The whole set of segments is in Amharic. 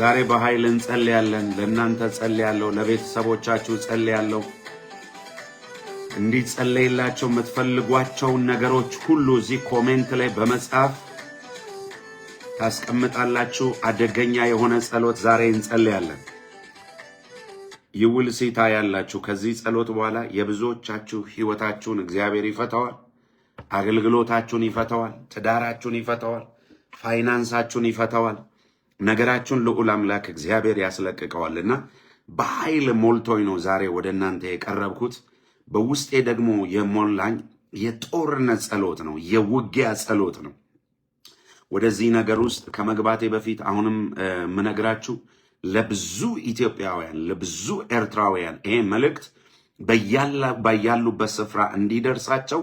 ዛሬ በኃይል እንጸልያለን። ለእናንተ ጸልያለሁ፣ ለቤተሰቦቻችሁ ጸልያለሁ። እንዲጸለይላቸው የምትፈልጓቸውን ነገሮች ሁሉ እዚህ ኮሜንት ላይ በመጻፍ ታስቀምጣላችሁ። አደገኛ የሆነ ጸሎት ዛሬ እንጸልያለን። ይውል ሲታ ያላችሁ ከዚህ ጸሎት በኋላ የብዙዎቻችሁ ሕይወታችሁን እግዚአብሔር ይፈተዋል። አገልግሎታችሁን ይፈተዋል። ትዳራችሁን ይፈተዋል። ፋይናንሳችሁን ይፈተዋል። ነገራችሁን ልዑል አምላክ እግዚአብሔር ያስለቅቀዋልና በኃይል ሞልቶኝ ነው ዛሬ ወደ እናንተ የቀረብኩት። በውስጤ ደግሞ የሞላኝ የጦርነት ጸሎት ነው፣ የውጊያ ጸሎት ነው። ወደዚህ ነገር ውስጥ ከመግባቴ በፊት አሁንም ምነግራችሁ ለብዙ ኢትዮጵያውያን፣ ለብዙ ኤርትራውያን ይሄ መልእክት በያሉበት ስፍራ እንዲደርሳቸው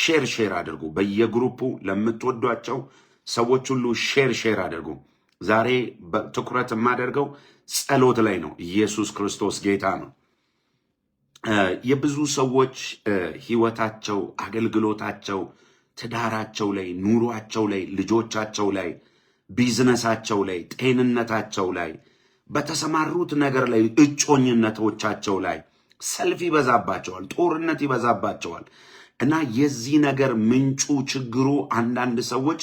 ሼር ሼር አድርጉ። በየግሩፑ ለምትወዷቸው ሰዎች ሁሉ ሼር ሼር አድርጉ። ዛሬ ትኩረት የማደርገው ጸሎት ላይ ነው። ኢየሱስ ክርስቶስ ጌታ ነው። የብዙ ሰዎች ህይወታቸው አገልግሎታቸው፣ ትዳራቸው ላይ፣ ኑሯቸው ላይ፣ ልጆቻቸው ላይ፣ ቢዝነሳቸው ላይ፣ ጤንነታቸው ላይ፣ በተሰማሩት ነገር ላይ፣ እጮኝነቶቻቸው ላይ ሰልፍ ይበዛባቸዋል፣ ጦርነት ይበዛባቸዋል እና የዚህ ነገር ምንጩ ችግሩ አንዳንድ ሰዎች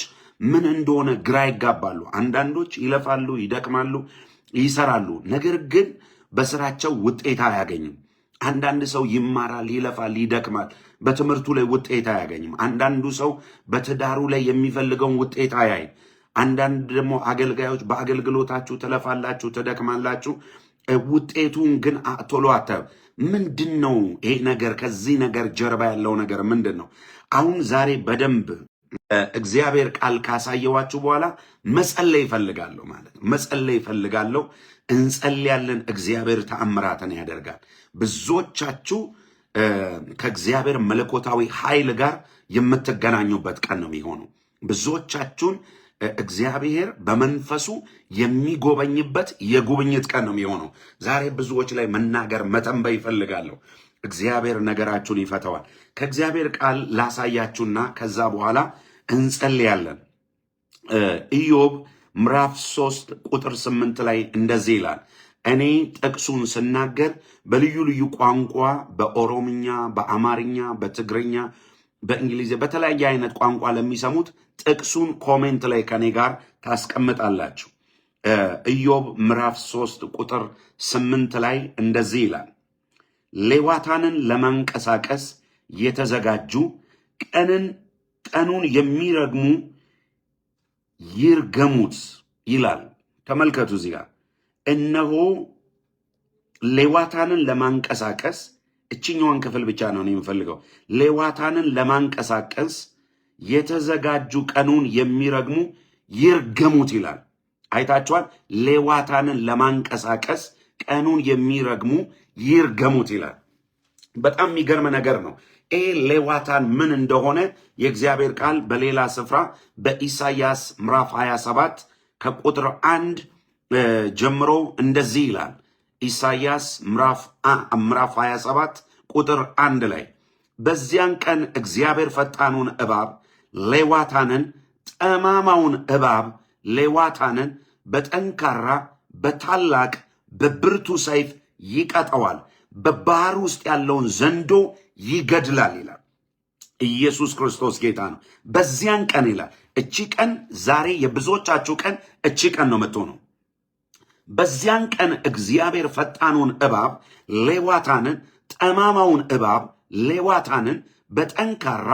ምን እንደሆነ ግራ ይጋባሉ። አንዳንዶች ይለፋሉ፣ ይደክማሉ፣ ይሰራሉ፣ ነገር ግን በስራቸው ውጤት አያገኝም። አንዳንድ ሰው ይማራል፣ ይለፋል፣ ይደክማል፣ በትምህርቱ ላይ ውጤት አያገኝም። አንዳንዱ ሰው በትዳሩ ላይ የሚፈልገውን ውጤት አያይም። አንዳንድ ደግሞ አገልጋዮች በአገልግሎታችሁ ትለፋላችሁ፣ ትደክማላችሁ፣ ውጤቱን ግን ቶሎ አታዩ። ምንድን ነው ይሄ ነገር? ከዚህ ነገር ጀርባ ያለው ነገር ምንድን ነው? አሁን ዛሬ በደንብ እግዚአብሔር ቃል ካሳየዋችሁ በኋላ መጸለይ ይፈልጋለሁ ማለት ነው። መጸለይ ይፈልጋለሁ፣ እንጸልያለን፣ እግዚአብሔር ተአምራትን ያደርጋል። ብዙዎቻችሁ ከእግዚአብሔር መለኮታዊ ኃይል ጋር የምትገናኙበት ቀን ነው የሚሆነው። ብዙዎቻችሁን እግዚአብሔር በመንፈሱ የሚጎበኝበት የጉብኝት ቀን ነው የሚሆነው። ዛሬ ብዙዎች ላይ መናገር መተንበይ ይፈልጋለሁ። እግዚአብሔር ነገራችሁን ይፈተዋል። ከእግዚአብሔር ቃል ላሳያችሁና ከዛ በኋላ እንጸልያለን። ኢዮብ ምዕራፍ ሶስት ቁጥር ስምንት ላይ እንደዚህ ይላል። እኔ ጥቅሱን ስናገር በልዩ ልዩ ቋንቋ በኦሮምኛ፣ በአማርኛ፣ በትግርኛ፣ በእንግሊዝ በተለያየ አይነት ቋንቋ ለሚሰሙት ጥቅሱን ኮሜንት ላይ ከኔ ጋር ታስቀምጣላችሁ። ኢዮብ ምዕራፍ ሶስት ቁጥር ስምንት ላይ እንደዚህ ይላል ሌዋታንን ለማንቀሳቀስ የተዘጋጁ ቀንን ቀኑን የሚረግሙ ይርገሙት ይላል። ተመልከቱ እዚህ እነሆ ሌዋታንን ለማንቀሳቀስ እችኛዋን ክፍል ብቻ ነው የምፈልገው። ሌዋታንን ለማንቀሳቀስ የተዘጋጁ ቀኑን የሚረግሙ ይርገሙት ይላል። አይታችኋል? ሌዋታንን ለማንቀሳቀስ ቀኑን የሚረግሙ ይርገሙት ይላል። በጣም የሚገርም ነገር ነው። ይ ሌዋታን ምን እንደሆነ የእግዚአብሔር ቃል በሌላ ስፍራ በኢሳይያስ ምዕራፍ 27 ከቁጥር አንድ ጀምሮ እንደዚህ ይላል። ኢሳይያስ ምዕራፍ 27 ቁጥር አንድ ላይ በዚያን ቀን እግዚአብሔር ፈጣኑን እባብ ሌዋታንን፣ ጠማማውን እባብ ሌዋታንን በጠንካራ በታላቅ በብርቱ ሰይፍ ይቀጠዋል፣ በባህር ውስጥ ያለውን ዘንዶ ይገድላል ይላል። ኢየሱስ ክርስቶስ ጌታ ነው። በዚያን ቀን ይላል። እቺ ቀን ዛሬ የብዙዎቻችሁ ቀን እቺ ቀን ነው መጥቶ ነው። በዚያን ቀን እግዚአብሔር ፈጣኑን እባብ ሌዋታንን፣ ጠማማውን እባብ ሌዋታንን በጠንካራ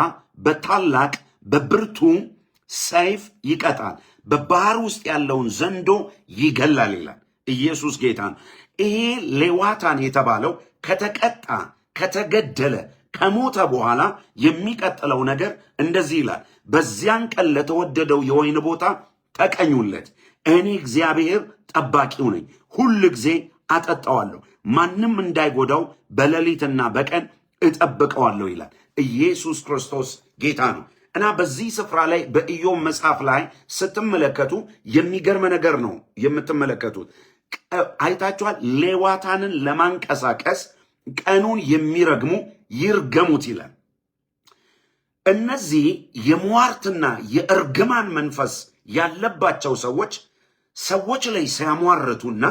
በታላቅ በብርቱ ሰይፍ ይቀጣል፣ በባህር ውስጥ ያለውን ዘንዶ ይገላል ይላል። ኢየሱስ ጌታ ነው። ይሄ ሌዋታን የተባለው ከተቀጣ ከተገደለ ከሞተ በኋላ የሚቀጥለው ነገር እንደዚህ ይላል። በዚያን ቀን ለተወደደው የወይን ቦታ ተቀኙለት፣ እኔ እግዚአብሔር ጠባቂው ነኝ፣ ሁል ጊዜ አጠጣዋለሁ፣ ማንም እንዳይጎዳው በሌሊትና በቀን እጠብቀዋለሁ ይላል። ኢየሱስ ክርስቶስ ጌታ ነው። እና በዚህ ስፍራ ላይ በኢዮብ መጽሐፍ ላይ ስትመለከቱ የሚገርም ነገር ነው የምትመለከቱት አይታችኋል። ሌዋታንን ለማንቀሳቀስ ቀኑን የሚረግሙ ይርገሙት ይላል። እነዚህ የሟርትና የእርግማን መንፈስ ያለባቸው ሰዎች ሰዎች ላይ ሲያሟርቱና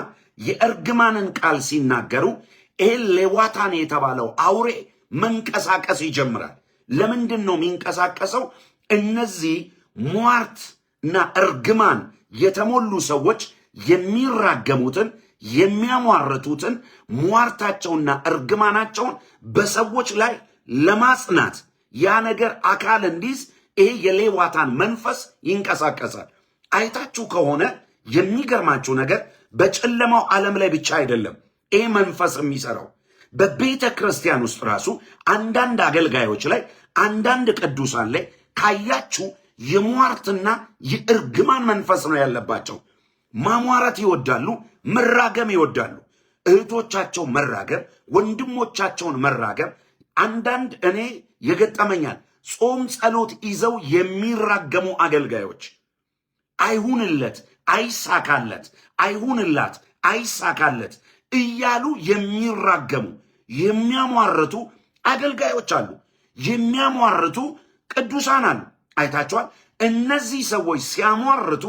የእርግማንን ቃል ሲናገሩ ይህን ሌዋታን የተባለው አውሬ መንቀሳቀስ ይጀምራል። ለምንድን ነው የሚንቀሳቀሰው? እነዚህ ሟርትና እርግማን የተሞሉ ሰዎች የሚራገሙትን የሚያሟርቱትን ሟርታቸውና እርግማናቸውን በሰዎች ላይ ለማጽናት ያ ነገር አካል እንዲይዝ ይሄ የሌዋታን መንፈስ ይንቀሳቀሳል። አይታችሁ ከሆነ የሚገርማችሁ ነገር በጨለማው ዓለም ላይ ብቻ አይደለም ይሄ መንፈስ የሚሰራው። በቤተ ክርስቲያን ውስጥ ራሱ አንዳንድ አገልጋዮች ላይ አንዳንድ ቅዱሳን ላይ ካያችሁ የሟርትና የእርግማን መንፈስ ነው ያለባቸው። ማሟራት ይወዳሉ፣ መራገም ይወዳሉ። እህቶቻቸው መራገም፣ ወንድሞቻቸውን መራገም። አንዳንድ እኔ የገጠመኛል ጾም ጸሎት ይዘው የሚራገሙ አገልጋዮች አይሁንለት፣ አይሳካለት፣ አይሁንላት፣ አይሳካለት እያሉ የሚራገሙ የሚያሟርቱ አገልጋዮች አሉ፣ የሚያሟርቱ ቅዱሳን አሉ። አይታችኋል። እነዚህ ሰዎች ሲያሟርቱ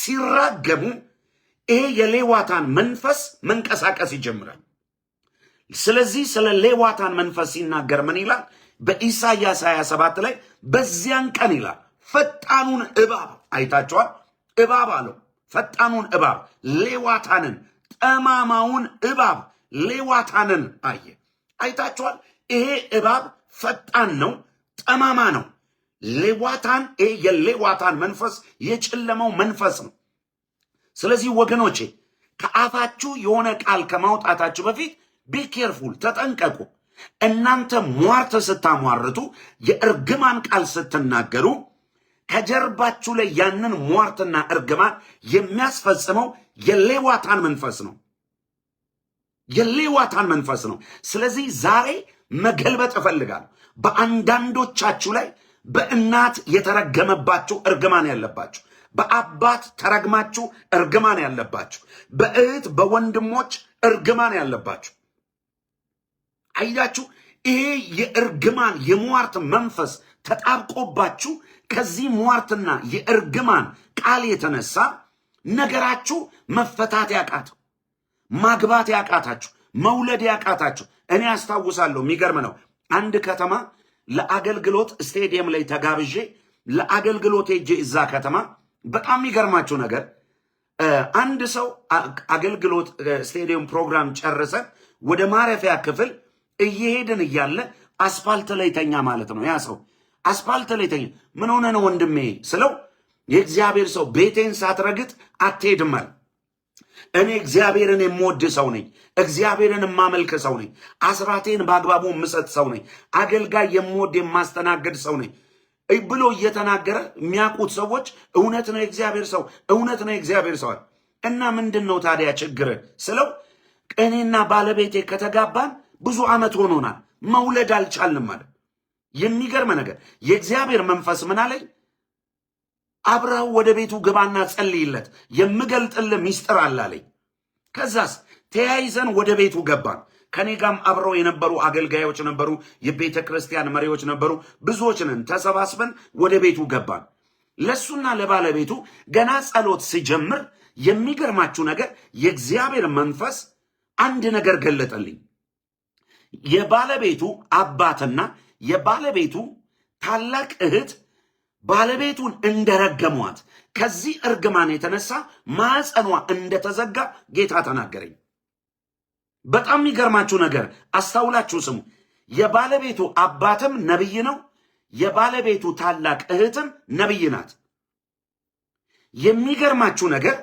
ሲራገሙ ይሄ የሌዋታን መንፈስ መንቀሳቀስ ይጀምራል። ስለዚህ ስለ ሌዋታን መንፈስ ሲናገር ምን ይላል? በኢሳይያስ 27 ላይ በዚያን ቀን ይላል ፈጣኑን እባብ አይታችኋል። እባብ አለው ፈጣኑን እባብ ሌዋታንን፣ ጠማማውን እባብ ሌዋታንን አየ። አይታችኋል። ይሄ እባብ ፈጣን ነው፣ ጠማማ ነው። ሌዋታን ይሄ የሌዋታን መንፈስ የጨለመው መንፈስ ነው። ስለዚህ ወገኖቼ ከአፋችሁ የሆነ ቃል ከማውጣታችሁ በፊት ቢኬርፉል ተጠንቀቁ። እናንተ ሟርት ስታሟርቱ፣ የእርግማን ቃል ስትናገሩ ከጀርባችሁ ላይ ያንን ሟርትና እርግማን የሚያስፈጽመው የሌዋታን መንፈስ ነው። የሌዋታን መንፈስ ነው። ስለዚህ ዛሬ መገልበጥ እፈልጋለሁ። በአንዳንዶቻችሁ ላይ በእናት የተረገመባችሁ እርግማን ያለባችሁ በአባት ተረግማችሁ እርግማን ያለባችሁ፣ በእህት በወንድሞች እርግማን ያለባችሁ። አያችሁ፣ ይሄ የእርግማን የሟርት መንፈስ ተጣብቆባችሁ ከዚህ ሟርትና የእርግማን ቃል የተነሳ ነገራችሁ መፈታት ያቃተው፣ ማግባት ያቃታችሁ፣ መውለድ ያቃታችሁ። እኔ አስታውሳለሁ። የሚገርም ነው። አንድ ከተማ ለአገልግሎት ስቴዲየም ላይ ተጋብዤ ለአገልግሎት ሄጄ እዛ ከተማ በጣም የሚገርማችሁ ነገር አንድ ሰው አገልግሎት ስቴዲየም ፕሮግራም ጨርሰ ወደ ማረፊያ ክፍል እየሄድን እያለ አስፋልት ላይ ተኛ ማለት ነው። ያ ሰው አስፋልት ላይ ተኛ። ምን ሆነ ነው ወንድሜ ስለው የእግዚአብሔር ሰው ቤቴን ሳትረግጥ አትሄድማል እኔ እግዚአብሔርን የምወድ ሰው ነኝ። እግዚአብሔርን የማመልክ ሰው ነኝ። አስራቴን በአግባቡ የምሰጥ ሰው ነኝ። አገልጋይ የምወድ የማስተናገድ ሰው ነኝ። ብሎ እየተናገረ የሚያውቁት ሰዎች እውነት ነው የእግዚአብሔር ሰው እውነት ነው የእግዚአብሔር ሰው እና ምንድን ነው ታዲያ ችግር ስለው እኔና ባለቤቴ ከተጋባን ብዙ ዓመት ሆኖናል፣ መውለድ አልቻልንም ማለት የሚገርም ነገር። የእግዚአብሔር መንፈስ ምን አለኝ? አብረው ወደ ቤቱ ግባና ጸልይለት፣ የምገልጥልህ ሚስጥር አለ አለኝ። ከዛስ ተያይዘን ወደ ቤቱ ገባን። ከኔ ጋም አብረው የነበሩ አገልጋዮች ነበሩ፣ የቤተ ክርስቲያን መሪዎች ነበሩ። ብዙዎች ነን። ተሰባስበን ወደ ቤቱ ገባን። ለሱና ለባለቤቱ ገና ጸሎት ሲጀምር የሚገርማችሁ ነገር የእግዚአብሔር መንፈስ አንድ ነገር ገለጠልኝ። የባለቤቱ አባትና የባለቤቱ ታላቅ እህት ባለቤቱን እንደረገሟት ከዚህ እርግማን የተነሳ ማዕፀኗ እንደተዘጋ ጌታ ተናገረኝ። በጣም የሚገርማችሁ ነገር አስታውላችሁ ስሙ። የባለቤቱ አባትም ነብይ ነው። የባለቤቱ ታላቅ እህትም ነብይ ናት። የሚገርማችሁ ነገር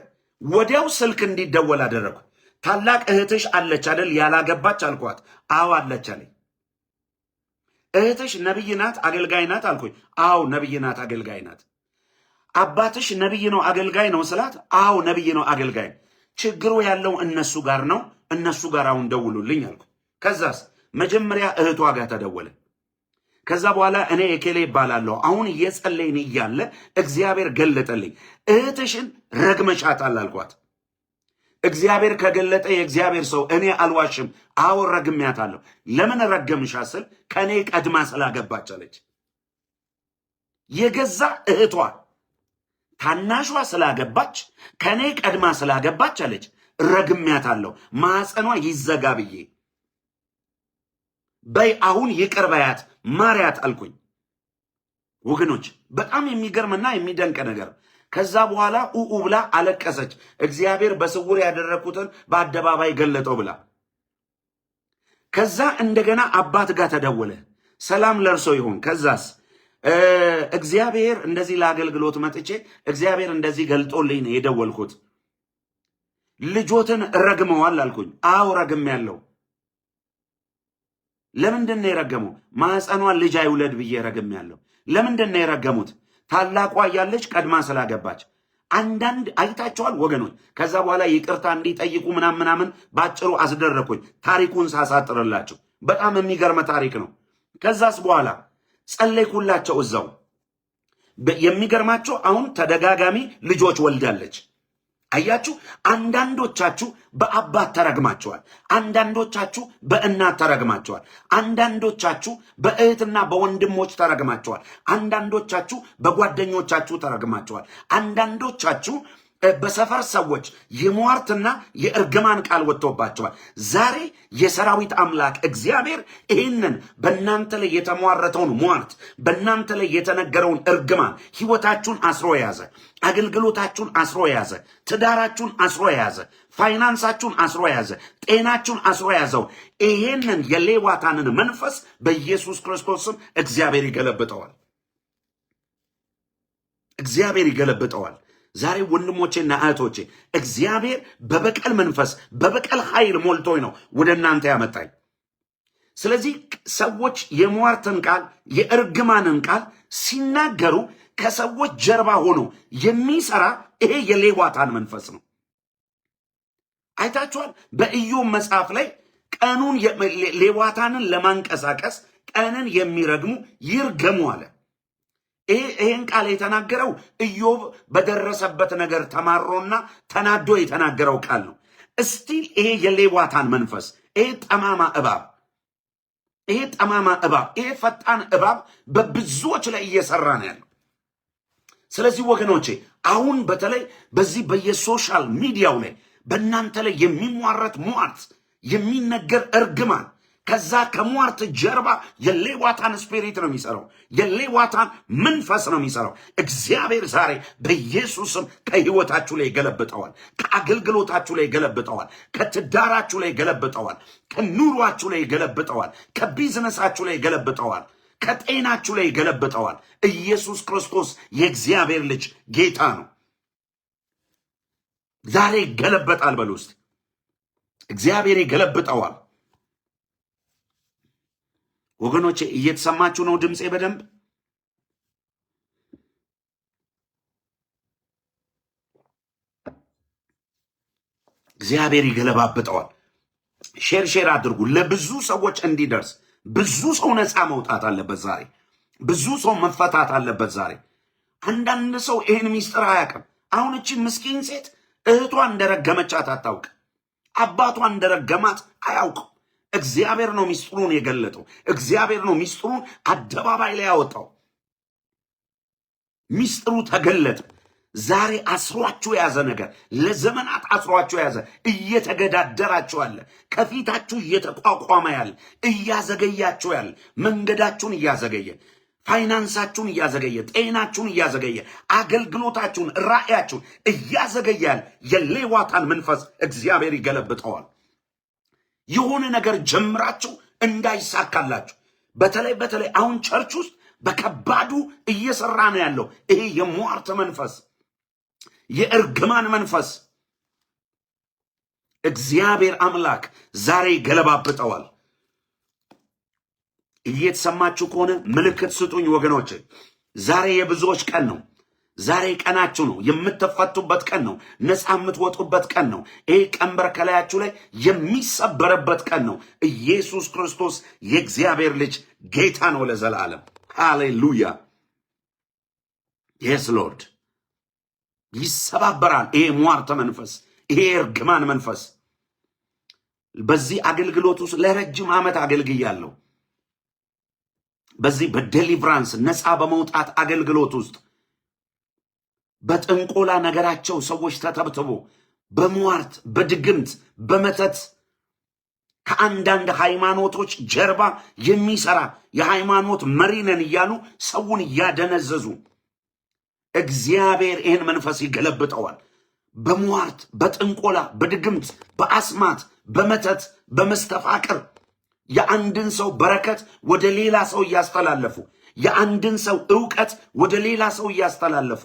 ወዲያው ስልክ እንዲደወል አደረግኩ። ታላቅ እህትሽ አለች አይደል? ያላገባች አልኳት። አዎ አለች አለኝ። እህትሽ ነብይ ናት አገልጋይ ናት አልኩኝ። አዎ ነብይ ናት አገልጋይ ናት። አባትሽ ነብይ ነው አገልጋይ ነው ስላት፣ አዎ ነብይ ነው አገልጋይ። ችግሩ ያለው እነሱ ጋር ነው እነሱ ጋር አሁን ደውሉልኝ አልኩ። ከዛስ መጀመሪያ እህቷ ጋር ተደወለ። ከዛ በኋላ እኔ የኬሌ ይባላለሁ። አሁን እየጸለይን እያለ እግዚአብሔር ገለጠልኝ። እህትሽን ረግመሻታል አልኳት። እግዚአብሔር ከገለጠ የእግዚአብሔር ሰው እኔ አልዋሽም። አዎ ረግሜያታለሁ። ለምን ረገምሻ ስል ከእኔ ቀድማ ስላገባች አለች። የገዛ እህቷ ታናሿ ስላገባች ከእኔ ቀድማ ስላገባች አለች። ረግሜያታለሁ፣ ማዕፀኗ ይዘጋ ብዬ በይ አሁን ይቅር በያት ማርያት አልኩኝ። ወገኖች በጣም የሚገርምና የሚደንቅ ነገር ከዛ በኋላ ኡኡ ብላ አለቀሰች። እግዚአብሔር በስውር ያደረግኩትን በአደባባይ ገለጠው ብላ ከዛ እንደገና አባት ጋር ተደወለ። ሰላም ለእርሶ ይሁን። ከዛስ እግዚአብሔር እንደዚህ ለአገልግሎት መጥቼ እግዚአብሔር እንደዚህ ገልጦልኝ ነው የደወልኩት ልጆትን ረግመዋል አልኩኝ። አው ረግም ያለው ለምንድን ነው የረገመው? ማህፀኗን ልጅ አይውለድ ብዬ ረግም ያለው ለምንድን ነው የረገሙት? ታላቋ እያለች ቀድማ ስላገባች አንዳንድ አይታቸዋል ወገኖች። ከዛ በኋላ ይቅርታ እንዲጠይቁ ምናምን ምናምን ባጭሩ አስደረኩኝ፣ ታሪኩን ሳሳጥርላቸው። በጣም የሚገርመ ታሪክ ነው። ከዛስ በኋላ ጸለይኩላቸው እዛው። የሚገርማቸው አሁን ተደጋጋሚ ልጆች ወልዳለች። አያችሁ፣ አንዳንዶቻችሁ በአባት ተረግማችኋል። አንዳንዶቻችሁ በእናት ተረግማችኋል። አንዳንዶቻችሁ በእህትና በወንድሞች ተረግማችኋል። አንዳንዶቻችሁ በጓደኞቻችሁ ተረግማችኋል። አንዳንዶቻችሁ በሰፈር ሰዎች የሟርትና የእርግማን ቃል ወጥቶባቸዋል። ዛሬ የሰራዊት አምላክ እግዚአብሔር ይህንን በእናንተ ላይ የተሟረተውን ሟርት፣ በእናንተ ላይ የተነገረውን እርግማን ህይወታችሁን አስሮ የያዘ አገልግሎታችሁን አስሮ የያዘ ትዳራችሁን አስሮ የያዘ ፋይናንሳችሁን አስሮ የያዘ ጤናችሁን አስሮ የያዘው ይሄንን የሌዋታንን መንፈስ በኢየሱስ ክርስቶስም እግዚአብሔር ይገለብጠዋል። እግዚአብሔር ይገለብጠዋል። ዛሬ ወንድሞቼና እህቶቼ እግዚአብሔር በበቀል መንፈስ በበቀል ኃይል ሞልቶኝ ነው ወደ እናንተ ያመጣኝ። ስለዚህ ሰዎች የሟርትን ቃል የእርግማንን ቃል ሲናገሩ ከሰዎች ጀርባ ሆኖ የሚሰራ ይሄ የሌዋታን መንፈስ ነው። አይታችኋል። በኢዮብ መጽሐፍ ላይ ቀኑን ሌዋታንን ለማንቀሳቀስ ቀንን የሚረግሙ ይርገሙ አለ። ይህን ቃል የተናገረው ኢዮብ በደረሰበት ነገር ተማሮና ተናዶ የተናገረው ቃል ነው። እስቲል ይሄ የሌዋታን መንፈስ፣ ይሄ ጠማማ እባብ፣ ይሄ ጠማማ እባብ፣ ይሄ ፈጣን እባብ በብዙዎች ላይ እየሰራ ነው ያለው። ስለዚህ ወገኖቼ አሁን በተለይ በዚህ በየሶሻል ሚዲያው ላይ በእናንተ ላይ የሚሟረት ሟርት፣ የሚነገር እርግማን ከዛ ከሟርት ጀርባ የሌዋታን ስፒሪት ነው የሚሰራው። የሌዋታን መንፈስ ነው የሚሰራው። እግዚአብሔር ዛሬ በኢየሱስም ከህይወታችሁ ላይ ገለብጠዋል። ከአገልግሎታችሁ ላይ ገለብጠዋል። ከትዳራችሁ ላይ ገለብጠዋል። ከኑሯችሁ ላይ ገለብጠዋል። ከቢዝነሳችሁ ላይ ገለብጠዋል። ከጤናችሁ ላይ ገለብጠዋል። ኢየሱስ ክርስቶስ የእግዚአብሔር ልጅ ጌታ ነው። ዛሬ ይገለበጣል። በል ውስጥ እግዚአብሔር ይገለብጠዋል። ወገኖቼ እየተሰማችሁ ነው ድምፄ በደንብ እግዚአብሔር ይገለባብጠዋል። ሼር ሼር አድርጉ ለብዙ ሰዎች እንዲደርስ። ብዙ ሰው ነፃ መውጣት አለበት ዛሬ። ብዙ ሰው መፈታት አለበት ዛሬ። አንዳንድ ሰው ይህን ሚስጥር አያውቅም። አሁን እቺ ምስኪን ሴት እህቷ እንደረገመቻት አታውቅ፣ አባቷ እንደረገማት አያውቅም። እግዚአብሔር ነው ሚስጥሩን የገለጠው። እግዚአብሔር ነው ሚስጥሩን አደባባይ ላይ ያወጣው። ሚስጥሩ ተገለጠ። ዛሬ አስሯችሁ የያዘ ነገር ለዘመናት አስሯችሁ የያዘ እየተገዳደራችሁ ያለ ከፊታችሁ እየተቋቋመ ያለ እያዘገያችሁ ያለ መንገዳችሁን እያዘገየ ፋይናንሳችሁን እያዘገየ ጤናችሁን እያዘገየ አገልግሎታችሁን ራእያችሁን እያዘገያል የሌዋታን መንፈስ እግዚአብሔር ይገለብጠዋል። የሆነ ነገር ጀምራችሁ እንዳይሳካላችሁ በተለይ በተለይ አሁን ቸርች ውስጥ በከባዱ እየሰራ ነው ያለው ይሄ የሟርት መንፈስ፣ የእርግማን መንፈስ እግዚአብሔር አምላክ ዛሬ ገለባብጠዋል። እየተሰማችሁ ከሆነ ምልክት ስጡኝ ወገኖች። ዛሬ የብዙዎች ቀን ነው። ዛሬ ቀናችሁ ነው። የምትፈቱበት ቀን ነው። ነፃ የምትወጡበት ቀን ነው። ይህ ቀንበር ከላያችሁ ላይ የሚሰበርበት ቀን ነው። ኢየሱስ ክርስቶስ የእግዚአብሔር ልጅ ጌታ ነው ለዘላለም። ሃሌሉያ የስ ሎርድ ይሰባበራል። ይሄ ሟርተ መንፈስ፣ ይሄ እርግማን መንፈስ። በዚህ አገልግሎት ውስጥ ለረጅም ዓመት አገልግያለሁ። በዚህ በዴሊቨራንስ ነፃ በመውጣት አገልግሎት ውስጥ በጥንቆላ ነገራቸው ሰዎች ተተብትቦ በሟርት በድግምት በመተት ከአንዳንድ ሃይማኖቶች ጀርባ የሚሰራ የሃይማኖት መሪ ነን እያሉ ሰውን እያደነዘዙ እግዚአብሔር ይህን መንፈስ ይገለብጠዋል። በሟርት በጥንቆላ በድግምት በአስማት በመተት በመስተፋቅር የአንድን ሰው በረከት ወደ ሌላ ሰው እያስተላለፉ የአንድን ሰው እውቀት ወደ ሌላ ሰው እያስተላለፉ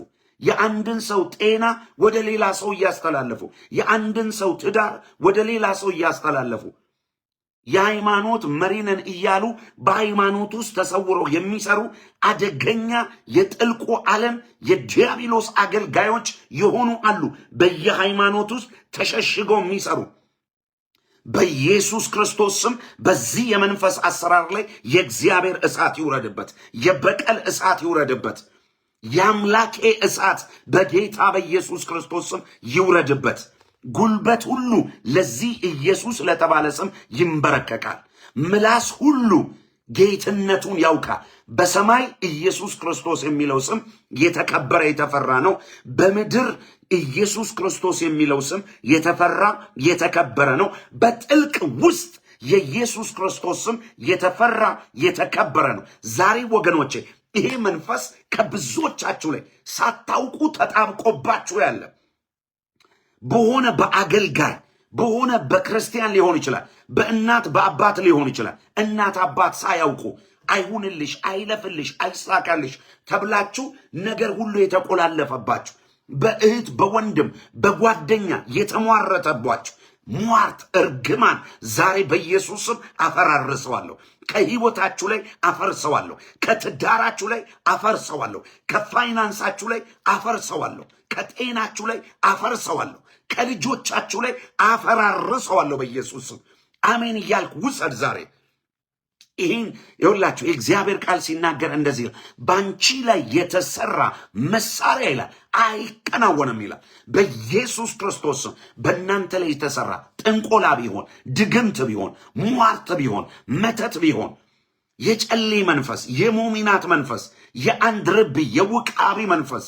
የአንድን ሰው ጤና ወደ ሌላ ሰው እያስተላለፉ፣ የአንድን ሰው ትዳር ወደ ሌላ ሰው እያስተላለፉ የሃይማኖት መሪነን እያሉ በሃይማኖት ውስጥ ተሰውረው የሚሰሩ አደገኛ የጥልቁ ዓለም የዲያብሎስ አገልጋዮች የሆኑ አሉ። በየሃይማኖት ውስጥ ተሸሽገው የሚሰሩ በኢየሱስ ክርስቶስ ስም በዚህ የመንፈስ አሰራር ላይ የእግዚአብሔር እሳት ይውረድበት፣ የበቀል እሳት ይውረድበት። የአምላኬ እሳት በጌታ በኢየሱስ ክርስቶስ ስም ይውረድበት። ጉልበት ሁሉ ለዚህ ኢየሱስ ለተባለ ስም ይንበረከቃል ምላስ ሁሉ ጌትነቱን ያውቃል። በሰማይ ኢየሱስ ክርስቶስ የሚለው ስም የተከበረ የተፈራ ነው። በምድር ኢየሱስ ክርስቶስ የሚለው ስም የተፈራ የተከበረ ነው። በጥልቅ ውስጥ የኢየሱስ ክርስቶስ ስም የተፈራ የተከበረ ነው። ዛሬ ወገኖቼ ይሄ መንፈስ ከብዙዎቻችሁ ላይ ሳታውቁ ተጣብቆባችሁ ያለ በሆነ በአገልጋይ በሆነ በክርስቲያን ሊሆን ይችላል፣ በእናት በአባት ሊሆን ይችላል። እናት አባት ሳያውቁ አይሁንልሽ፣ አይለፍልሽ፣ አይሳካልሽ ተብላችሁ ነገር ሁሉ የተቆላለፈባችሁ በእህት በወንድም በጓደኛ የተሟረተባችሁ ሟርት፣ እርግማን ዛሬ በኢየሱስም አፈራርሰዋለሁ። ከህይወታችሁ ላይ አፈርሰዋለሁ። ከትዳራችሁ ላይ አፈርሰዋለሁ። ከፋይናንሳችሁ ላይ አፈርሰዋለሁ። ከጤናችሁ ላይ አፈርሰዋለሁ። ከልጆቻችሁ ላይ አፈራርሰዋለሁ። በኢየሱስ አሜን እያልክ ውሰድ ዛሬ ይህን ይሁላችሁ የእግዚአብሔር ቃል ሲናገር እንደዚህ ይላል፣ በአንቺ ላይ የተሰራ መሳሪያ ይላል አይከናወንም ይላል። በኢየሱስ ክርስቶስ በእናንተ ላይ የተሰራ ጥንቆላ ቢሆን፣ ድግምት ቢሆን፣ ሟርት ቢሆን፣ መተት ቢሆን፣ የጨሌ መንፈስ፣ የሞሚናት መንፈስ፣ የአንድርብ የውቃቢ መንፈስ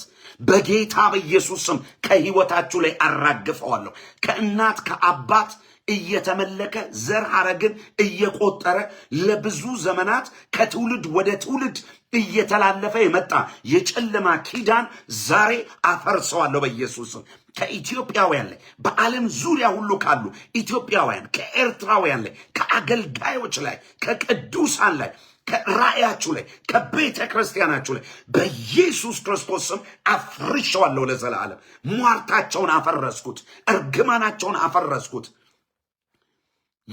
በጌታ በኢየሱስ ስም ከህይወታችሁ ላይ አራግፈዋለሁ ከእናት ከአባት እየተመለከ ዘር ሐረግን እየቆጠረ ለብዙ ዘመናት ከትውልድ ወደ ትውልድ እየተላለፈ የመጣ የጨለማ ኪዳን ዛሬ አፈርሰዋለሁ በኢየሱስም ከኢትዮጵያውያን ላይ በዓለም ዙሪያ ሁሉ ካሉ ኢትዮጵያውያን፣ ከኤርትራውያን ላይ፣ ከአገልጋዮች ላይ፣ ከቅዱሳን ላይ፣ ከራእያችሁ ላይ፣ ከቤተ ክርስቲያናችሁ ላይ በኢየሱስ ክርስቶስ ስም አፍርሸዋለሁ። ለዘላለም ሟርታቸውን አፈረስኩት። እርግማናቸውን አፈረስኩት።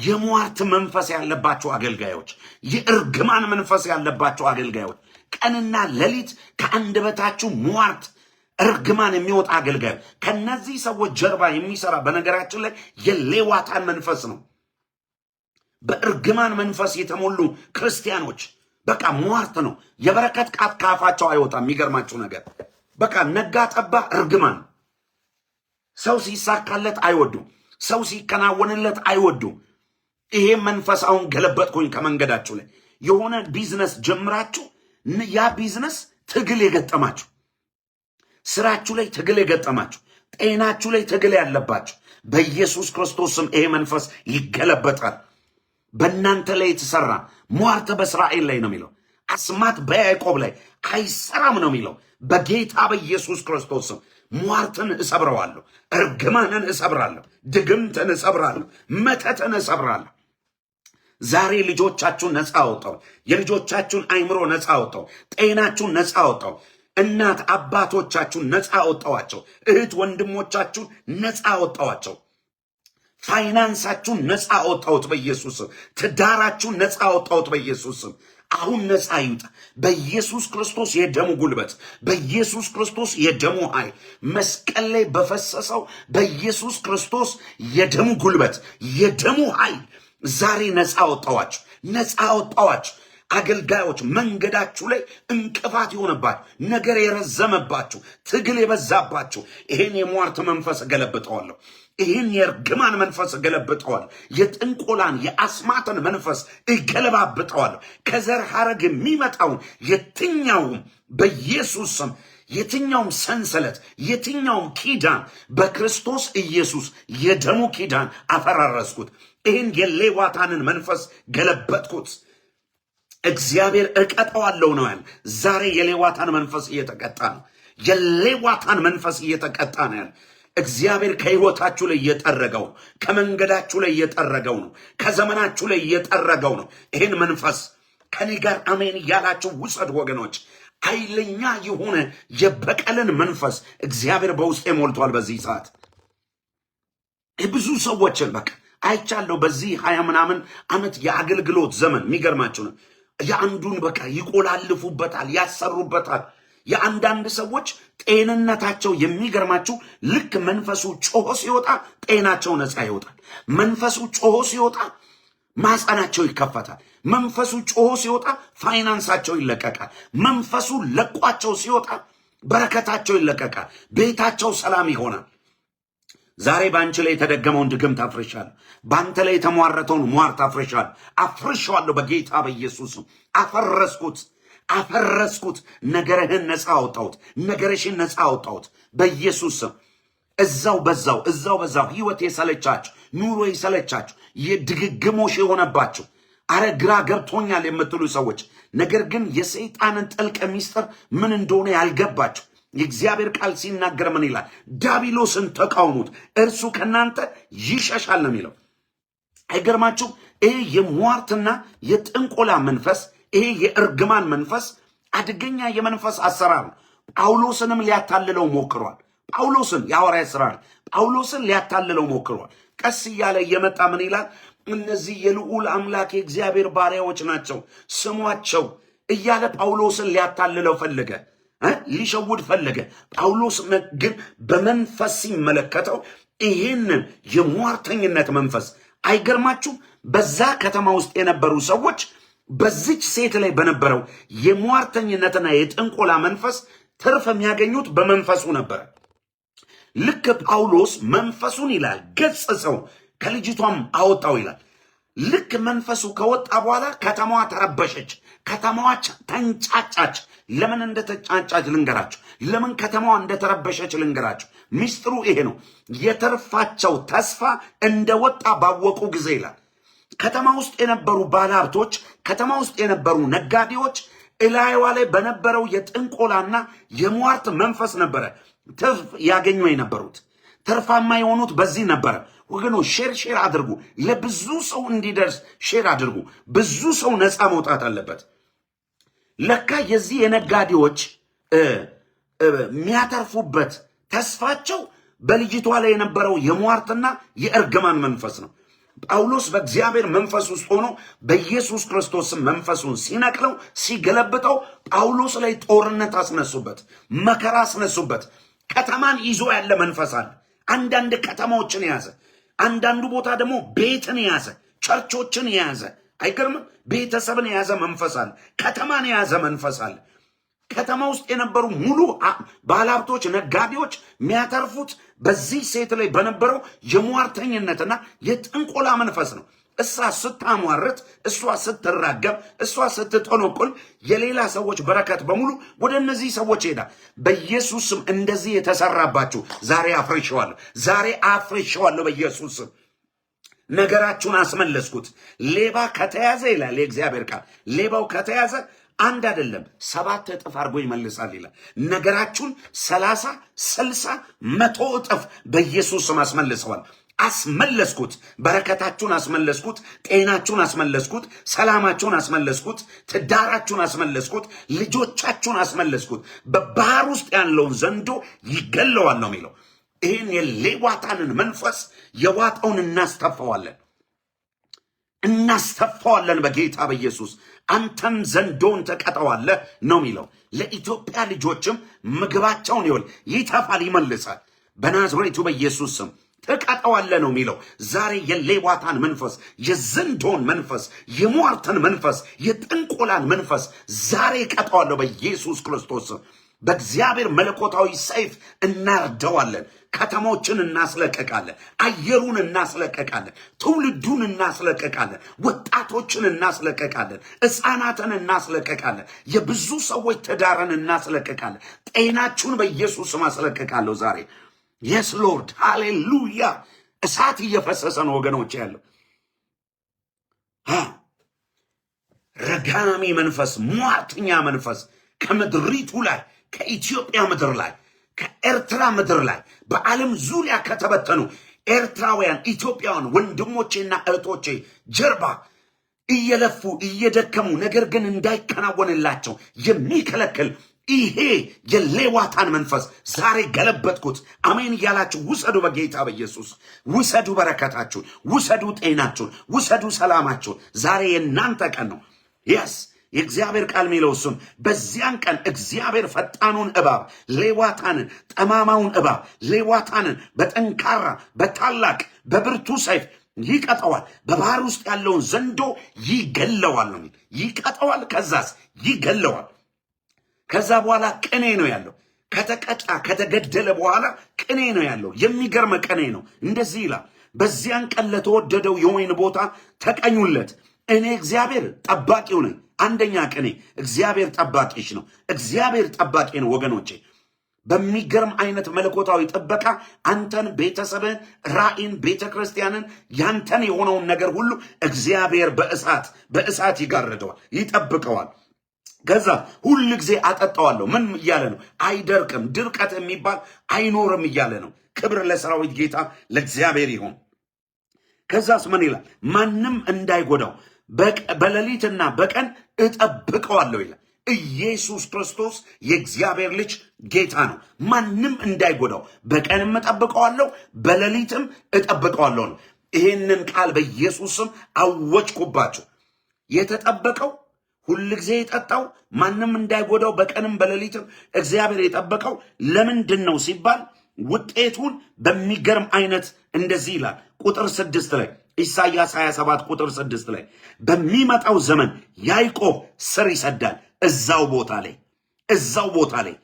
የሟርት መንፈስ ያለባቸው አገልጋዮች፣ የእርግማን መንፈስ ያለባቸው አገልጋዮች፣ ቀንና ሌሊት ከአንደበታችሁ ሟርት እርግማን የሚወጣ አገልጋዮ ከነዚህ ሰዎች ጀርባ የሚሰራ በነገራችን ላይ የሌዋታን መንፈስ ነው። በእርግማን መንፈስ የተሞሉ ክርስቲያኖች በቃ ሟርት ነው። የበረከት ቃት ካፋቸው አይወጣም። የሚገርማችሁ ነገር በቃ ነጋ ጠባ እርግማን። ሰው ሲሳካለት አይወዱ፣ ሰው ሲከናወንለት አይወዱ። ይሄ መንፈስ አሁን ገለበጥኩኝ ከመንገዳችሁ ላይ የሆነ ቢዝነስ ጀምራችሁ ያ ቢዝነስ ትግል የገጠማችሁ ስራችሁ ላይ ትግል የገጠማችሁ ጤናችሁ ላይ ትግል ያለባችሁ በኢየሱስ ክርስቶስ ስም ይሄ መንፈስ ይገለበጣል። በእናንተ ላይ የተሰራ ሟርተ በእስራኤል ላይ ነው የሚለው አስማት በያዕቆብ ላይ አይሰራም ነው የሚለው። በጌታ በኢየሱስ ክርስቶስ ስም ሟርትን እሰብረዋለሁ፣ እርግማንን እሰብራለሁ፣ ድግምትን እሰብራለሁ፣ መተትን እሰብራለሁ። ዛሬ ልጆቻችሁን ነፃ አውጣው። የልጆቻችሁን አይምሮ ነፃ አውጣው። ጤናችሁን ነፃ አውጣው። እናት አባቶቻችሁን ነፃ አወጣዋቸው። እህት ወንድሞቻችሁን ነፃ አወጣዋቸው። ፋይናንሳችሁን ነፃ አውጣውት በኢየሱስ ትዳራችሁን ነፃ አውጣውት በኢየሱስ አሁን ነፃ ይውጣ በኢየሱስ ክርስቶስ የደሙ ጉልበት፣ በኢየሱስ ክርስቶስ የደሙ ኃይል፣ መስቀል ላይ በፈሰሰው በኢየሱስ ክርስቶስ የደሙ ጉልበት፣ የደሙ ኃይል ዛሬ ነፃ አወጣዋችሁ፣ ነፃ ወጣዋችሁ አገልጋዮች መንገዳችሁ ላይ እንቅፋት የሆነባችሁ ነገር የረዘመባችሁ ትግል የበዛባችሁ ይህን የሟርት መንፈስ እገለብጠዋለሁ። ይህን የእርግማን መንፈስ እገለብጠዋለሁ። የጥንቆላን የአስማትን መንፈስ እገለባብጠዋለሁ። ከዘር ሐረግ የሚመጣውን የትኛውም በኢየሱስ ስም የትኛውም ሰንሰለት የትኛውም ኪዳን በክርስቶስ ኢየሱስ የደሙ ኪዳን አፈራረስኩት። ይህን የሌዋታንን መንፈስ ገለበጥኩት። እግዚአብሔር እቀጣዋለሁ ነው ያለ። ዛሬ የሌዋታን መንፈስ እየተቀጣ ነው። የሌዋታን መንፈስ እየተቀጣ ነው ያለ። እግዚአብሔር ከህይወታችሁ ላይ እየጠረገው ነው። ከመንገዳችሁ ላይ እየጠረገው ነው። ከዘመናችሁ ላይ እየጠረገው ነው። ይህን መንፈስ ከኔ ጋር አሜን እያላችሁ ውሰድ ወገኖች። ኃይለኛ የሆነ የበቀልን መንፈስ እግዚአብሔር በውስጤ ሞልቷል። በዚህ ሰዓት ብዙ ሰዎችን በቃ አይቻለሁ። በዚህ ሀያ ምናምን ዓመት የአገልግሎት ዘመን የሚገርማችሁ ነው። የአንዱን በቃ ይቆላልፉበታል፣ ያሰሩበታል። የአንዳንድ ሰዎች ጤንነታቸው የሚገርማችሁ ልክ መንፈሱ ጮሆ ሲወጣ ጤናቸው ነፃ ይወጣል። መንፈሱ ጮሆ ሲወጣ ማህፀናቸው ይከፈታል። መንፈሱ ጮሆ ሲወጣ ፋይናንሳቸው ይለቀቃል። መንፈሱ ለቋቸው ሲወጣ በረከታቸው ይለቀቃል። ቤታቸው ሰላም ይሆናል። ዛሬ በአንቺ ላይ የተደገመውን ድግም ታፍርሻል። በአንተ ላይ የተሟረተውን ሟር ታፍርሻል። አፍርሸዋለሁ። በጌታ በኢየሱስ አፈረስኩት አፈረስኩት ነገርህን ነፃ አወጣሁት። ነገርሽን ነፃ አወጣሁት በኢየሱስ እዛው በዛው እዛው በዛው ህይወት የሰለቻችሁ ኑሮ የሰለቻችሁ የድግግሞሽ የሆነባችሁ አረ ግራ ገብቶኛል የምትሉ ሰዎች ነገር ግን የሰይጣንን ጥልቅ ሚስጥር ምን እንደሆነ ያልገባችሁ የእግዚአብሔር ቃል ሲናገር ምን ይላል? ዳቢሎስን ተቃውሙት እርሱ ከእናንተ ይሸሻል ነው የሚለው። አይገርማችሁ? ይሄ የሟርትና የጥንቆላ መንፈስ፣ ይሄ የእርግማን መንፈስ አደገኛ የመንፈስ አሰራር ነው። ጳውሎስንም ሊያታልለው ሞክሯል። ጳውሎስን የሐዋርያ ስራ ጳውሎስን ሊያታልለው ሞክሯል። ቀስ እያለ እየመጣ ምን ይላል? እነዚህ የልዑል አምላክ የእግዚአብሔር ባሪያዎች ናቸው ስሟቸው እያለ ጳውሎስን ሊያታልለው ፈለገ። ሊሸውድ ፈለገ። ጳውሎስ ግን በመንፈስ ሲመለከተው ይህንን የሟርተኝነት መንፈስ አይገርማችሁ በዛ ከተማ ውስጥ የነበሩ ሰዎች በዚች ሴት ላይ በነበረው የሟርተኝነትና የጥንቆላ መንፈስ ትርፍ የሚያገኙት በመንፈሱ ነበረ። ልክ ጳውሎስ መንፈሱን ይላል ገሰጸው፣ ከልጅቷም አወጣው ይላል። ልክ መንፈሱ ከወጣ በኋላ ከተማዋ ተረበሸች፣ ከተማዋ ተንጫጫች። ለምን እንደተጫጫች ልንገራችሁ። ለምን ከተማዋ እንደተረበሸች ልንገራችሁ። ሚስጥሩ ይሄ ነው። የተርፋቸው ተስፋ እንደወጣ ባወቁ ጊዜ ይላል። ከተማ ውስጥ የነበሩ ባለሀብቶች፣ ከተማ ውስጥ የነበሩ ነጋዴዎች እላይዋ ላይ በነበረው የጥንቆላና የሟርት መንፈስ ነበረ ትርፍ ያገኙ የነበሩት። ትርፋማ የሆኑት በዚህ ነበረ። ወገኖ ሼር ሼር አድርጉ፣ ለብዙ ሰው እንዲደርስ ሼር አድርጉ። ብዙ ሰው ነፃ መውጣት አለበት። ለካ የዚህ የነጋዴዎች የሚያተርፉበት ተስፋቸው በልጅቷ ላይ የነበረው የሟርትና የእርግማን መንፈስ ነው። ጳውሎስ በእግዚአብሔር መንፈስ ውስጥ ሆኖ በኢየሱስ ክርስቶስም መንፈሱን ሲነቅለው ሲገለብጠው፣ ጳውሎስ ላይ ጦርነት አስነሱበት፣ መከራ አስነሱበት። ከተማን ይዞ ያለ መንፈስ አለ። አንዳንድ ከተማዎችን የያዘ አንዳንዱ ቦታ ደግሞ ቤትን የያዘ ቸርቾችን የያዘ አይገርምም? ቤተሰብን የያዘ መንፈስ አለ። ከተማን የያዘ መንፈስ አለ። ከተማ ውስጥ የነበሩ ሙሉ ባለሀብቶች፣ ነጋዴዎች የሚያተርፉት በዚህ ሴት ላይ በነበረው የሟርተኝነትና የጥንቆላ መንፈስ ነው። እሷ ስታሟርት፣ እሷ ስትራገም፣ እሷ ስትጠነቁል የሌላ ሰዎች በረከት በሙሉ ወደ እነዚህ ሰዎች ሄዳ። በኢየሱስ ስም እንደዚህ የተሰራባችሁ ዛሬ አፍርሸዋለሁ፣ ዛሬ አፍርሸዋለሁ በኢየሱስ ስም ነገራችሁን አስመለስኩት። ሌባ ከተያዘ ይላል የእግዚአብሔር ቃል፣ ሌባው ከተያዘ አንድ አይደለም ሰባት እጥፍ አድርጎ ይመልሳል ይላል። ነገራችሁን ሰላሳ ስልሳ መቶ እጥፍ በኢየሱስም አስመልሰዋል። አስመለስኩት። በረከታችሁን አስመለስኩት። ጤናችሁን አስመለስኩት። ሰላማችሁን አስመለስኩት። ትዳራችሁን አስመለስኩት። ልጆቻችሁን አስመለስኩት። በባህር ውስጥ ያለውን ዘንዶ ይገለዋል ነው የሚለው ይህን የሌዋታንን መንፈስ የዋጠውን እናስተፋዋለን እናስተፋዋለን በጌታ በኢየሱስ አንተም ዘንዶውን ትቀጣዋለህ ነው የሚለው። ለኢትዮጵያ ልጆችም ምግባቸውን ይወል ይተፋል፣ ይመልሳል። በናዝሬቱ በኢየሱስ ስም ትቀጣዋለህ ነው የሚለው። ዛሬ የሌዋታን መንፈስ፣ የዘንዶን መንፈስ፣ የሟርትን መንፈስ፣ የጥንቆላን መንፈስ ዛሬ ቀጠዋለሁ በኢየሱስ ክርስቶስ ስም። በእግዚአብሔር መለኮታዊ ሰይፍ እናርደዋለን። ከተሞችን እናስለቀቃለን። አየሩን እናስለቀቃለን። ትውልዱን እናስለቀቃለን። ወጣቶችን እናስለቀቃለን። ሕፃናትን እናስለቀቃለን። የብዙ ሰዎች ትዳርን እናስለቀቃለን። ጤናችሁን በኢየሱስ ማስለቀቃለሁ ዛሬ። የስ ሎርድ ሃሌሉያ። እሳት እየፈሰሰ ነው ወገኖች ያለው ረጋሚ መንፈስ፣ ሟርተኛ መንፈስ ከምድሪቱ ላይ ከኢትዮጵያ ምድር ላይ ከኤርትራ ምድር ላይ በዓለም ዙሪያ ከተበተኑ ኤርትራውያን ኢትዮጵያውያን ወንድሞቼና እህቶቼ ጀርባ እየለፉ እየደከሙ ነገር ግን እንዳይከናወንላቸው የሚከለክል ይሄ የሌዋታን መንፈስ ዛሬ ገለበጥኩት። አሜን እያላችሁ ውሰዱ፣ በጌታ በኢየሱስ ውሰዱ፣ በረከታችሁን ውሰዱ፣ ጤናችሁን ውሰዱ፣ ሰላማችሁን። ዛሬ የእናንተ ቀን ነው። የስ የእግዚአብሔር ቃል የሚለው እሱን በዚያን ቀን እግዚአብሔር ፈጣኑን እባብ ሌዋታንን፣ ጠማማውን እባብ ሌዋታንን በጠንካራ በታላቅ በብርቱ ሰይፍ ይቀጠዋል፣ በባህር ውስጥ ያለውን ዘንዶ ይገለዋል ነው ይቀጠዋል። ከዛስ ይገለዋል። ከዛ በኋላ ቅኔ ነው ያለው። ከተቀጣ ከተገደለ በኋላ ቅኔ ነው ያለው። የሚገርመ ቅኔ ነው። እንደዚህ ይላል፣ በዚያን ቀን ለተወደደው የወይን ቦታ ተቀኙለት እኔ እግዚአብሔር ጠባቂው ነኝ። አንደኛ ቅኔ እግዚአብሔር ጠባቂሽ ነው። እግዚአብሔር ጠባቂ ነው ወገኖቼ። በሚገርም አይነት መለኮታዊ ጥበቃ አንተን፣ ቤተሰብን፣ ራእይን፣ ቤተ ክርስቲያንን ያንተን የሆነውን ነገር ሁሉ እግዚአብሔር በእሳት በእሳት ይጋርደዋል፣ ይጠብቀዋል። ከዛ ሁል ጊዜ አጠጣዋለሁ። ምን እያለ ነው? አይደርቅም፣ ድርቀት የሚባል አይኖርም እያለ ነው። ክብር ለሰራዊት ጌታ ለእግዚአብሔር ይሆን። ከዛስ ምን ይላል? ማንም እንዳይጎዳው በሌሊትና በቀን እጠብቀዋለሁ ይላል። ኢየሱስ ክርስቶስ የእግዚአብሔር ልጅ ጌታ ነው። ማንም እንዳይጎዳው በቀንም እጠብቀዋለሁ፣ በሌሊትም እጠብቀዋለሁ ነው። ይህንን ቃል በኢየሱስም አወጭኩባቸው። የተጠበቀው ሁል ጊዜ የጠጣው ማንም እንዳይጎዳው በቀንም በሌሊትም እግዚአብሔር የጠበቀው ለምንድን ነው ሲባል ውጤቱን በሚገርም አይነት እንደዚህ ይላል ቁጥር ስድስት ላይ ኢሳያስ 27 ቁጥር 6 ላይ በሚመጣው ዘመን ያዕቆብ ስር ይሰዳል። እዛው ቦታ ላይ እዛው ቦታ ላይ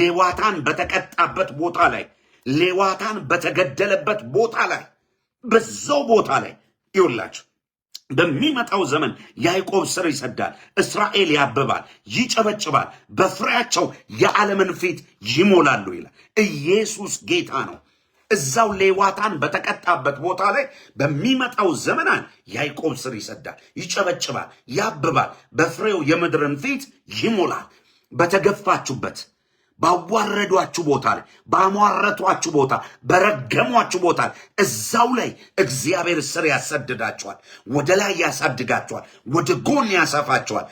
ሌዋታን በተቀጣበት ቦታ ላይ ሌዋታን በተገደለበት ቦታ ላይ በዛው ቦታ ላይ ይውላችሁ በሚመጣው ዘመን ያዕቆብ ስር ይሰዳል። እስራኤል ያብባል፣ ይጨበጭባል፣ በፍሬያቸው የዓለምን ፊት ይሞላሉ ይላል። ኢየሱስ ጌታ ነው። እዛው ሌዋታን በተቀጣበት ቦታ ላይ በሚመጣው ዘመናን ያዕቆብ ስር ይሰዳል፣ ይጨበጭባል፣ ያብባል፣ በፍሬው የምድርን ፊት ይሞላል። በተገፋችሁበት ባዋረዷችሁ ቦታ ላይ ባሟረቷችሁ ቦታ በረገሟችሁ ቦታ እዛው ላይ እግዚአብሔር ስር ያሰድዳችኋል፣ ወደ ላይ ያሳድጋችኋል፣ ወደ ጎን ያሰፋችኋል።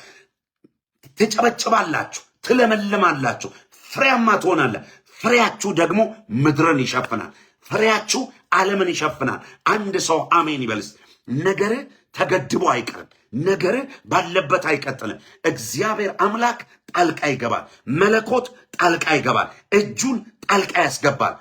ትጨበጭባላችሁ፣ ትለመልማላችሁ፣ ፍሬያማ ትሆናለ። ፍሬያችሁ ደግሞ ምድርን ይሸፍናል። ፍሬያችሁ ዓለምን ይሸፍናል። አንድ ሰው አሜን ይበልስ። ነገር ተገድቦ አይቀርም። ነገር ባለበት አይቀጥልም። እግዚአብሔር አምላክ ጣልቃ ይገባል። መለኮት ጣልቃ ይገባል። እጁን ጣልቃ ያስገባል።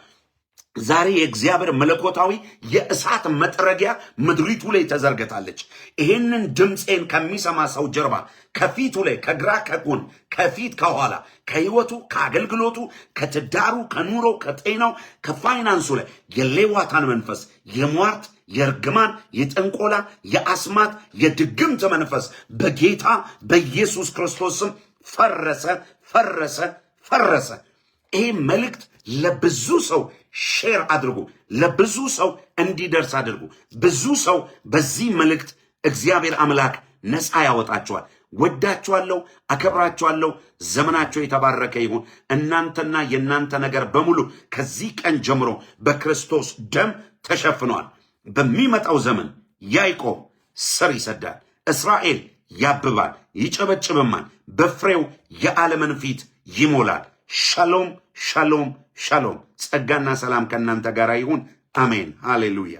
ዛሬ የእግዚአብሔር መለኮታዊ የእሳት መጥረጊያ ምድሪቱ ላይ ተዘርግታለች። ይህንን ድምፄን ከሚሰማ ሰው ጀርባ ከፊቱ ላይ ከግራ ከጎን ከፊት ከኋላ ከህይወቱ ከአገልግሎቱ ከትዳሩ ከኑሮ ከጤናው ከፋይናንሱ ላይ የሌዋታን መንፈስ የሟርት የእርግማን የጠንቆላ የአስማት የድግምት መንፈስ በጌታ በኢየሱስ ክርስቶስ ፈረሰ፣ ፈረሰ፣ ፈረሰ። ይህ መልእክት ለብዙ ሰው ሼር አድርጉ፣ ለብዙ ሰው እንዲደርስ አድርጉ። ብዙ ሰው በዚህ መልእክት እግዚአብሔር አምላክ ነፃ ያወጣችኋል። ወዳችኋለሁ፣ አከብራችኋለሁ። ዘመናቸው የተባረከ ይሁን። እናንተና የእናንተ ነገር በሙሉ ከዚህ ቀን ጀምሮ በክርስቶስ ደም ተሸፍኗል። በሚመጣው ዘመን ያዕቆብ ስር ይሰዳል፣ እስራኤል ያብባል፣ ይጨበጭብማል፣ በፍሬው የዓለምን ፊት ይሞላል። ሻሎም ሻሎም ሻሎም። ጸጋና ሰላም ከእናንተ ጋር ይሁን። አሜን። ሃሌሉያ